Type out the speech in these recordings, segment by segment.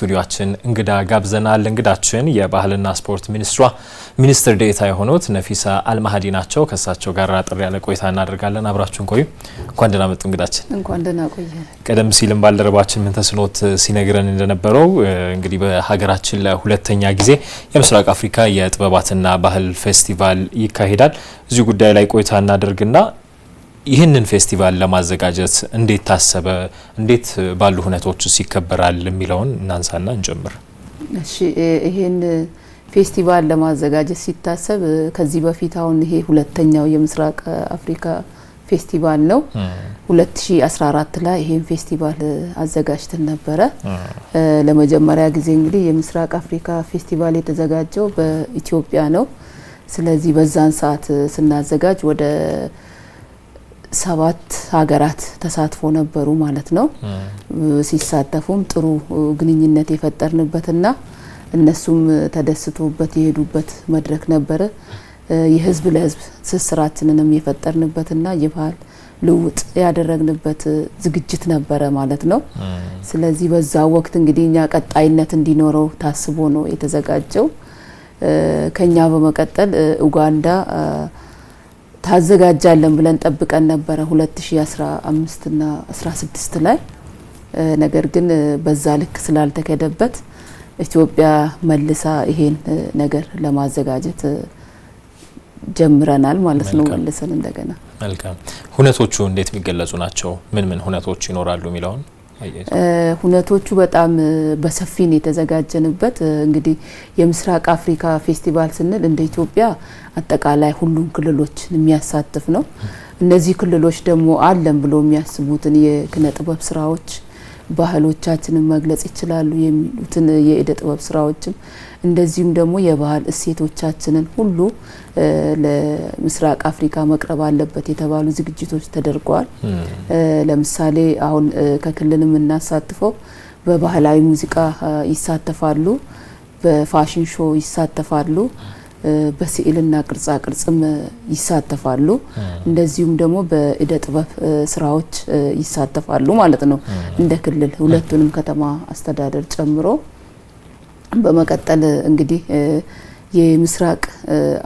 ስቱዲዮችን እንግዳ ጋብዘናል። እንግዳችን የባህልና ስፖርት ሚኒስትሯ ሚኒስትር ዴኤታ የሆኑት ነፊሳ አልማህዲ ናቸው። ከእሳቸው ጋር አጠር ያለ ቆይታ እናደርጋለን። አብራችሁን ቆዩ። እንኳን ደህና መጡ እንግዳችን። እንኳን ደህና ቆየ። ቀደም ሲልም ባልደረባችን ምንተስኖት ሲነግረን እንደነበረው እንግዲህ በሀገራችን ለሁለተኛ ጊዜ የምስራቅ አፍሪካ የጥበባትና ባህል ፌስቲቫል ይካሄዳል። እዚሁ ጉዳይ ላይ ቆይታ እናደርግና ይህንን ፌስቲቫል ለማዘጋጀት እንዴት ታሰበ? እንዴት ባሉ ሁነቶችስ ይከበራል የሚለውን እናንሳና እንጀምር። እሺ ይህን ፌስቲቫል ለማዘጋጀት ሲታሰብ ከዚህ በፊት አሁን ይሄ ሁለተኛው የምስራቅ አፍሪካ ፌስቲቫል ነው። 2014 ላይ ይሄን ፌስቲቫል አዘጋጅተን ነበረ። ለመጀመሪያ ጊዜ እንግዲህ የምስራቅ አፍሪካ ፌስቲቫል የተዘጋጀው በኢትዮጵያ ነው። ስለዚህ በዛን ሰዓት ስናዘጋጅ ወደ ሰባት ሀገራት ተሳትፎ ነበሩ ማለት ነው። ሲሳተፉም ጥሩ ግንኙነት የፈጠርንበትና እነሱም ተደስቶበት የሄዱበት መድረክ ነበረ። የህዝብ ለህዝብ ትስስራችንንም የፈጠርንበትና የባህል ልውጥ ያደረግንበት ዝግጅት ነበረ ማለት ነው። ስለዚህ በዛ ወቅት እንግዲህ እኛ ቀጣይነት እንዲኖረው ታስቦ ነው የተዘጋጀው። ከኛ በመቀጠል ኡጋንዳ ታዘጋጃለን ብለን ጠብቀን ነበረ 2015 እና 16 ላይ ነገር ግን በዛ ልክ ስላልተከደበት ኢትዮጵያ መልሳ ይሄን ነገር ለማዘጋጀት ጀምረናል ማለት ነው። መልሰን እንደገና መልካም። ሁነቶቹ እንዴት የሚገለጹ ናቸው? ምን ምን ሁነቶች ይኖራሉ የሚለውን ሁነቶቹ በጣም በሰፊን የተዘጋጀንበት እንግዲህ የምስራቅ አፍሪካ ፌስቲቫል ስንል እንደ ኢትዮጵያ አጠቃላይ ሁሉም ክልሎችን የሚያሳትፍ ነው። እነዚህ ክልሎች ደግሞ አለን ብሎ የሚያስቡትን የኪነ ጥበብ ስራዎች ባህሎቻችንን መግለጽ ይችላሉ የሚሉትን የእደ ጥበብ ስራዎችም እንደዚሁም ደግሞ የባህል እሴቶቻችንን ሁሉ ለምስራቅ አፍሪካ መቅረብ አለበት የተባሉ ዝግጅቶች ተደርገዋል። ለምሳሌ አሁን ከክልል እናሳትፈው በባህላዊ ሙዚቃ ይሳተፋሉ፣ በፋሽን ሾው ይሳተፋሉ፣ በስዕልና ቅርጻ ቅርጽም ይሳተፋሉ። እንደዚሁም ደግሞ በእደ ጥበብ ስራዎች ይሳተፋሉ ማለት ነው። እንደ ክልል ሁለቱንም ከተማ አስተዳደር ጨምሮ በመቀጠል እንግዲህ የምስራቅ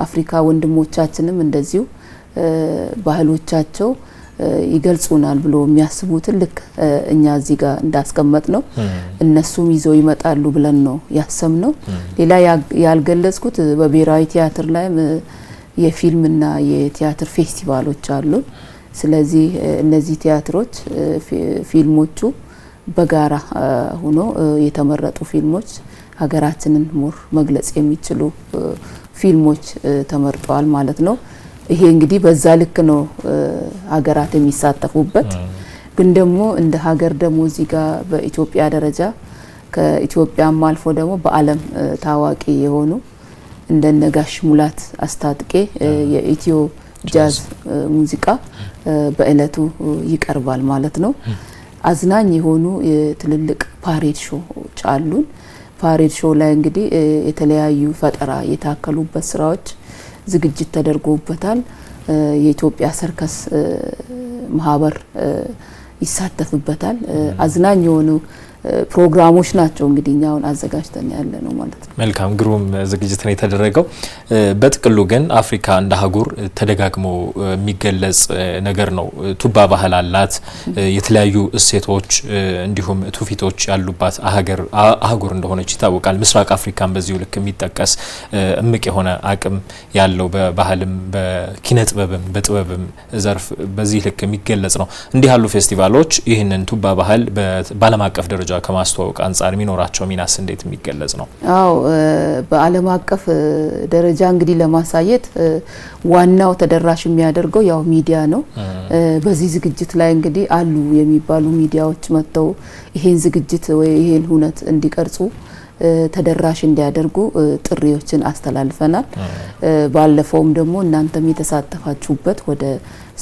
አፍሪካ ወንድሞቻችንም እንደዚሁ ባህሎቻቸው ይገልጹናል ብሎ የሚያስቡትን ልክ እኛ እዚህ ጋር እንዳስቀመጥ ነው እነሱም ይዘው ይመጣሉ ብለን ነው ያሰብ ነው። ሌላ ያልገለጽኩት በብሔራዊ ቲያትር ላይም የፊልምና የቲያትር ፌስቲቫሎች አሉ። ስለዚህ እነዚህ ቲያትሮች ፊልሞቹ በጋራ ሆኖ የተመረጡ ፊልሞች ሀገራችንን ሙር መግለጽ የሚችሉ ፊልሞች ተመርጠዋል ማለት ነው። ይሄ እንግዲህ በዛ ልክ ነው ሀገራት የሚሳተፉበት። ግን ደግሞ እንደ ሀገር ደግሞ እዚህ ጋር በኢትዮጵያ ደረጃ ከኢትዮጵያም አልፎ ደግሞ በዓለም ታዋቂ የሆኑ እንደ ነጋሽ ሙላት አስታጥቄ የኢትዮ ጃዝ ሙዚቃ በእለቱ ይቀርባል ማለት ነው። አዝናኝ የሆኑ ትልልቅ ፓሬድ ሾዎች አሉን። ፓሬድ ሾው ላይ እንግዲህ የተለያዩ ፈጠራ የታከሉበት ስራዎች ዝግጅት ተደርጎበታል። የኢትዮጵያ ሰርከስ ማህበር ይሳተፍበታል። አዝናኝ የሆኑ ፕሮግራሞች ናቸው እንግዲህ እኛውን አዘጋጅተን ያለ ነው ማለት ነው። መልካም ግሩም ዝግጅት ነው የተደረገው። በጥቅሉ ግን አፍሪካ እንደ አህጉር ተደጋግሞ የሚገለጽ ነገር ነው። ቱባ ባህል አላት፣ የተለያዩ እሴቶች እንዲሁም ትውፊቶች ያሉባት አህጉር እንደሆነች ይታወቃል። ምስራቅ አፍሪካን በዚሁ ልክ የሚጠቀስ እምቅ የሆነ አቅም ያለው በባህልም በኪነ ጥበብም በጥበብም ዘርፍ በዚህ ልክ የሚገለጽ ነው። እንዲህ ያሉ ፌስቲቫሎች ይህንን ቱባ ባህል በዓለም አቀፍ ደረጃ ደረጃ ከማስተዋወቅ አንጻር የሚኖራቸው ሚናስ እንዴት የሚገለጽ ነው? አዎ በዓለም አቀፍ ደረጃ እንግዲህ ለማሳየት ዋናው ተደራሽ የሚያደርገው ያው ሚዲያ ነው። በዚህ ዝግጅት ላይ እንግዲህ አሉ የሚባሉ ሚዲያዎች መጥተው ይሄን ዝግጅት ወይ ይሄን ሁነት እንዲቀርጹ ተደራሽ እንዲያደርጉ ጥሪዎችን አስተላልፈናል። ባለፈውም ደግሞ እናንተም የተሳተፋችሁበት ወደ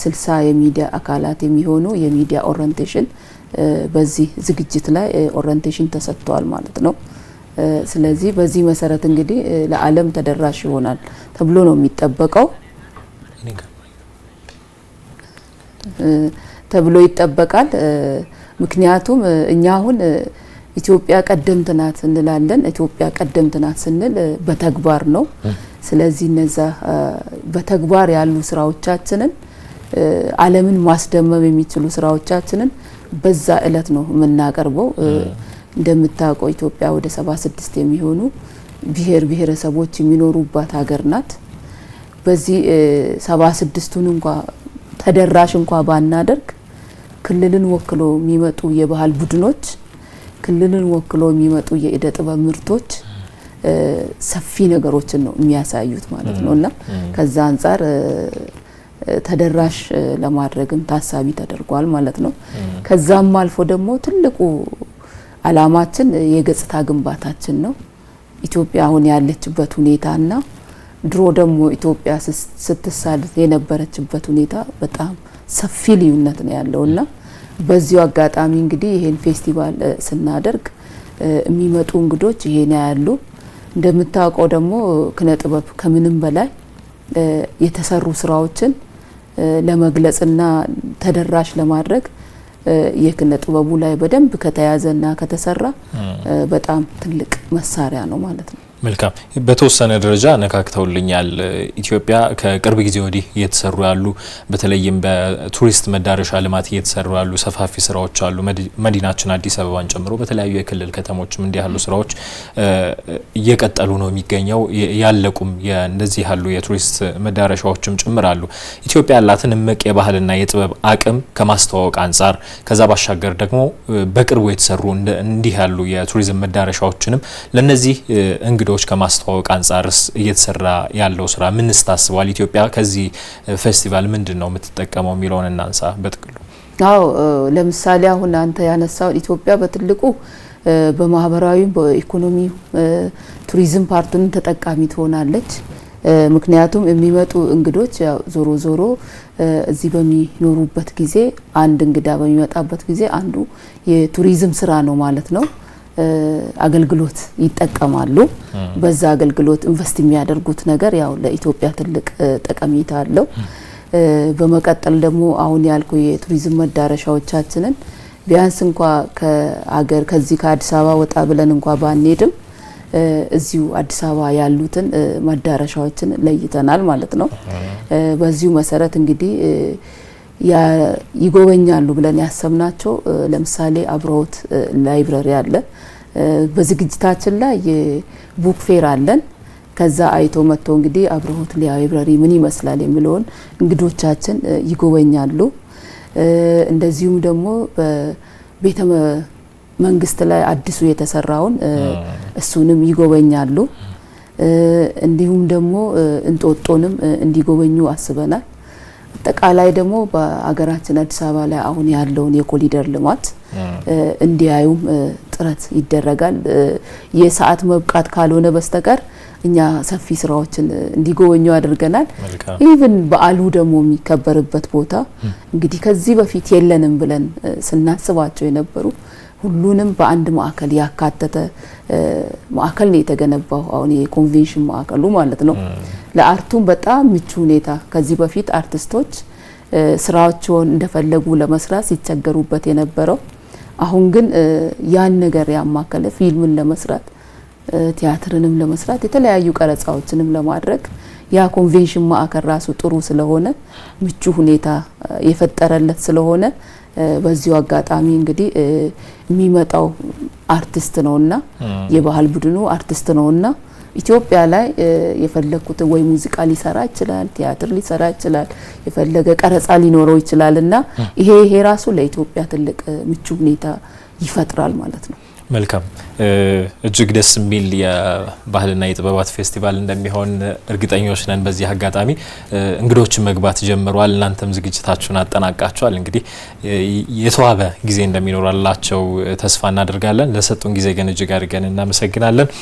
ስልሳ የሚዲያ አካላት የሚሆኑ የሚዲያ ኦሪንቴሽን በዚህ ዝግጅት ላይ ኦሪንቴሽን ተሰጥቷል ማለት ነው። ስለዚህ በዚህ መሰረት እንግዲህ ለዓለም ተደራሽ ይሆናል ተብሎ ነው የሚጠበቀው ተብሎ ይጠበቃል። ምክንያቱም እኛ አሁን ኢትዮጵያ ቀደምት ናት እንላለን። ኢትዮጵያ ቀደምት ናት ስንል በተግባር ነው። ስለዚህ እነዛ በተግባር ያሉ ስራዎቻችንን ዓለምን ማስደመም የሚችሉ ስራዎቻችንን በዛ እለት ነው የምናቀርበው። እንደምታውቀው ኢትዮጵያ ወደ ሰባ ስድስት የሚሆኑ ብሔር ብሄረሰቦች የሚኖሩባት ሀገር ናት። በዚህ ሰባ ስድስቱን እንኳ ተደራሽ እንኳ ባናደርግ ክልልን ወክሎ የሚመጡ የባህል ቡድኖች፣ ክልልን ወክሎ የሚመጡ የእደ ጥበብ ምርቶች ሰፊ ነገሮችን ነው የሚያሳዩት ማለት ነው እና ከዛ አንጻር ተደራሽ ለማድረግም ታሳቢ ተደርጓል ማለት ነው። ከዛም አልፎ ደግሞ ትልቁ አላማችን የገጽታ ግንባታችን ነው። ኢትዮጵያ አሁን ያለችበት ሁኔታና ድሮ ደግሞ ኢትዮጵያ ስትሳል የነበረችበት ሁኔታ በጣም ሰፊ ልዩነት ነው ያለውና በዚሁ አጋጣሚ እንግዲህ ይሄን ፌስቲቫል ስናደርግ የሚመጡ እንግዶች ይሄን ያሉ እንደምታውቀው ደግሞ ክነጥበብ ጥበብ ከምንም በላይ የተሰሩ ስራዎችን ለመግለጽና ተደራሽ ለማድረግ የኪነ ጥበቡ ላይ በደንብ ከተያዘና ከተሰራ በጣም ትልቅ መሳሪያ ነው ማለት ነው። መልካም በተወሰነ ደረጃ ነካክተውልኛል። ኢትዮጵያ ከቅርብ ጊዜ ወዲህ እየተሰሩ ያሉ በተለይም በቱሪስት መዳረሻ ልማት እየተሰሩ ያሉ ሰፋፊ ስራዎች አሉ። መዲናችን አዲስ አበባን ጨምሮ በተለያዩ የክልል ከተሞችም እንዲህ ያሉ ስራዎች እየቀጠሉ ነው የሚገኘው። ያለቁም እንደዚህ ያሉ የቱሪስት መዳረሻዎችም ጭምር አሉ። ኢትዮጵያ ያላትን እምቅ የባህልና የጥበብ አቅም ከማስተዋወቅ አንጻር፣ ከዛ ባሻገር ደግሞ በቅርቡ የተሰሩ እንዲህ ያሉ የቱሪዝም መዳረሻዎችንም ለነዚህ እንግዶች ከማስተዋወቅ አንጻርስ እየተሰራ ያለው ስራ ምን ስታስቧል? ኢትዮጵያ ከዚህ ፌስቲቫል ምንድን ነው የምትጠቀመው የሚለውን እናንሳ በጥቅሉ። አዎ ለምሳሌ አሁን አንተ ያነሳውን ኢትዮጵያ በትልቁ በማህበራዊም በኢኮኖሚ ቱሪዝም ፓርቱን ተጠቃሚ ትሆናለች። ምክንያቱም የሚመጡ እንግዶች ዞሮ ዞሮ እዚህ በሚኖሩበት ጊዜ አንድ እንግዳ በሚመጣበት ጊዜ አንዱ የቱሪዝም ስራ ነው ማለት ነው። አገልግሎት ይጠቀማሉ። በዛ አገልግሎት ኢንቨስት የሚያደርጉት ነገር ያው ለኢትዮጵያ ትልቅ ጠቀሜታ አለው። በመቀጠል ደግሞ አሁን ያልኩ የቱሪዝም መዳረሻዎቻችንን ቢያንስ እንኳ ከአገር ከዚህ ከአዲስ አበባ ወጣ ብለን እንኳ ባንሄድም እዚሁ አዲስ አበባ ያሉትን መዳረሻዎችን ለይተናል ማለት ነው። በዚሁ መሰረት እንግዲህ ይጎበኛሉ ብለን ያሰብናቸው ለምሳሌ አብረውት ላይብረሪ አለ። በዝግጅታችን ላይ ቡክ ፌር አለን። ከዛ አይቶ መጥቶ እንግዲህ አብረውት ላይብረሪ ምን ይመስላል የሚለውን እንግዶቻችን ይጎበኛሉ። እንደዚሁም ደግሞ በቤተ መንግስት ላይ አዲሱ የተሰራውን እሱንም ይጎበኛሉ። እንዲሁም ደግሞ እንጦጦንም እንዲጎበኙ አስበናል። አጠቃላይ ደግሞ በሀገራችን አዲስ አበባ ላይ አሁን ያለውን የኮሊደር ልማት እንዲያዩም ጥረት ይደረጋል። የሰዓት መብቃት ካልሆነ በስተቀር እኛ ሰፊ ስራዎችን እንዲጎበኙ አድርገናል። ኢቭን በዓሉ ደግሞ የሚከበርበት ቦታ እንግዲህ ከዚህ በፊት የለንም ብለን ስናስባቸው የነበሩ ሁሉንም በአንድ ማዕከል ያካተተ ማዕከል ነው የተገነባው። አሁን የኮንቬንሽን ማዕከሉ ማለት ነው። ለአርቱም በጣም ምቹ ሁኔታ ከዚህ በፊት አርቲስቶች ስራቸውን እንደፈለጉ ለመስራት ሲቸገሩበት የነበረው አሁን ግን ያን ነገር ያማከለ ፊልምን ለመስራት ቲያትርንም ለመስራት የተለያዩ ቀረጻዎችንም ለማድረግ ያ ኮንቬንሽን ማዕከል ራሱ ጥሩ ስለሆነ ምቹ ሁኔታ የፈጠረለት ስለሆነ በዚሁ አጋጣሚ እንግዲህ የሚመጣው አርቲስት ነውና የባህል ቡድኑ አርቲስት ነውና ኢትዮጵያ ላይ የፈለግኩትን ወይ ሙዚቃ ሊሰራ ይችላል፣ ቲያትር ሊሰራ ይችላል፣ የፈለገ ቀረጻ ሊኖረው ይችላል እና ይሄ ይሄ ራሱ ለኢትዮጵያ ትልቅ ምቹ ሁኔታ ይፈጥራል ማለት ነው። መልካም እጅግ ደስ የሚል የባህልና የጥበባት ፌስቲቫል እንደሚሆን እርግጠኞች ነን። በዚህ አጋጣሚ እንግዶችን መግባት ጀምሯል። እናንተም ዝግጅታችሁን አጠናቃችኋል። እንግዲህ የተዋበ ጊዜ እንደሚኖራላቸው ተስፋ እናደርጋለን። ለሰጡን ጊዜ ግን እጅግ አድርገን እናመሰግናለን።